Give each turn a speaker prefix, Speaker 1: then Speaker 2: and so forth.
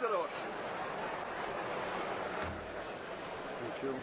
Speaker 1: Pedros.
Speaker 2: Thank you.